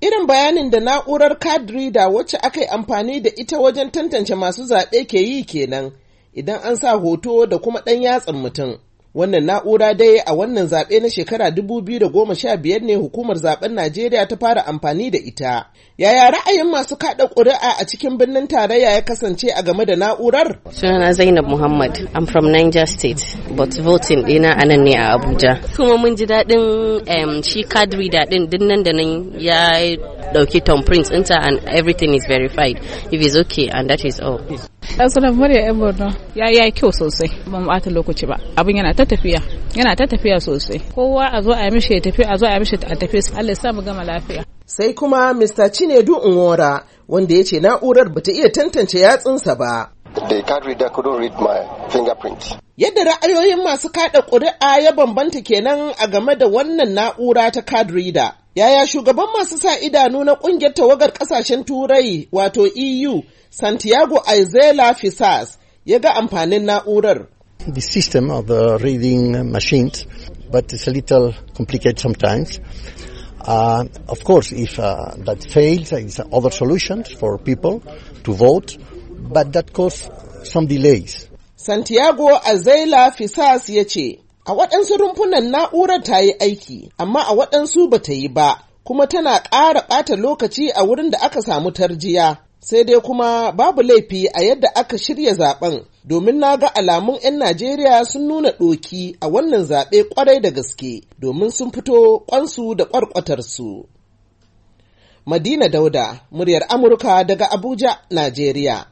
Irin bayanin da na'urar card wacce aka yi amfani da ita wajen tantance masu zaɓe ke yi kenan idan an sa hoto da kuma ɗan yatsan mutum. Wannan na'ura dai a wannan zaɓe na shekara dubu biyu da goma sha biyar ne hukumar zaɓen Najeriya ta fara amfani da ita. Yaya ra'ayin masu kaɗa ƙuri'a a cikin birnin tarayya ya kasance a game da na'urar? Sunana Zainab Muhammad, I'm from Niger State, but voting ɗina a nan ne a Abuja. Kuma mun ji daɗin shi kadri daɗin din nan da nan ya dauki tom prince inta and everything is verified if it's okay and that is all sunan murya yan borno ya yi kyau sosai ba mu lokaci ba abin yana ta tafiya yana ta tafiya sosai kowa a zo a yi mishi ya tafi a zo a yi mishi a tafi Allah ya sa mu gama lafiya sai kuma Mr. Chinedu Nwora wanda ya ce na'urar bata iya tantance yatsunsa ba They can't read, couldn't read my fingerprint. Yadda ra'ayoyin masu kada ƙuri'a ya bambanta kenan a game da wannan na'ura ta card reader. Yaya shugaban masu sa idanu na ƙungiyar tawagar ƙasashen Turai wato EU, Santiago Aizela Fisas, ya ga amfanin na'urar. The system of the reading machines, but it's a little complicated sometimes. Uh, of course, if uh, that fails, it's other solutions for people to vote, but that causes some delays. Santiago Azela Fisas ya ce, A waɗansu rumfunan na'urar ta yi aiki, amma a waɗansu ba ta yi ba, kuma tana ƙara ɓata lokaci a wurin da aka samu tarjiya. Sai dai kuma babu laifi a yadda aka shirya zaben, domin na ga alamun 'yan Najeriya sun nuna ɗoki a wannan zaɓe ƙwarai da gaske, domin sun fito ƙwansu da ƙwarƙwatarsu. Madina Dauda, muryar Amurka daga Abuja, Najeriya.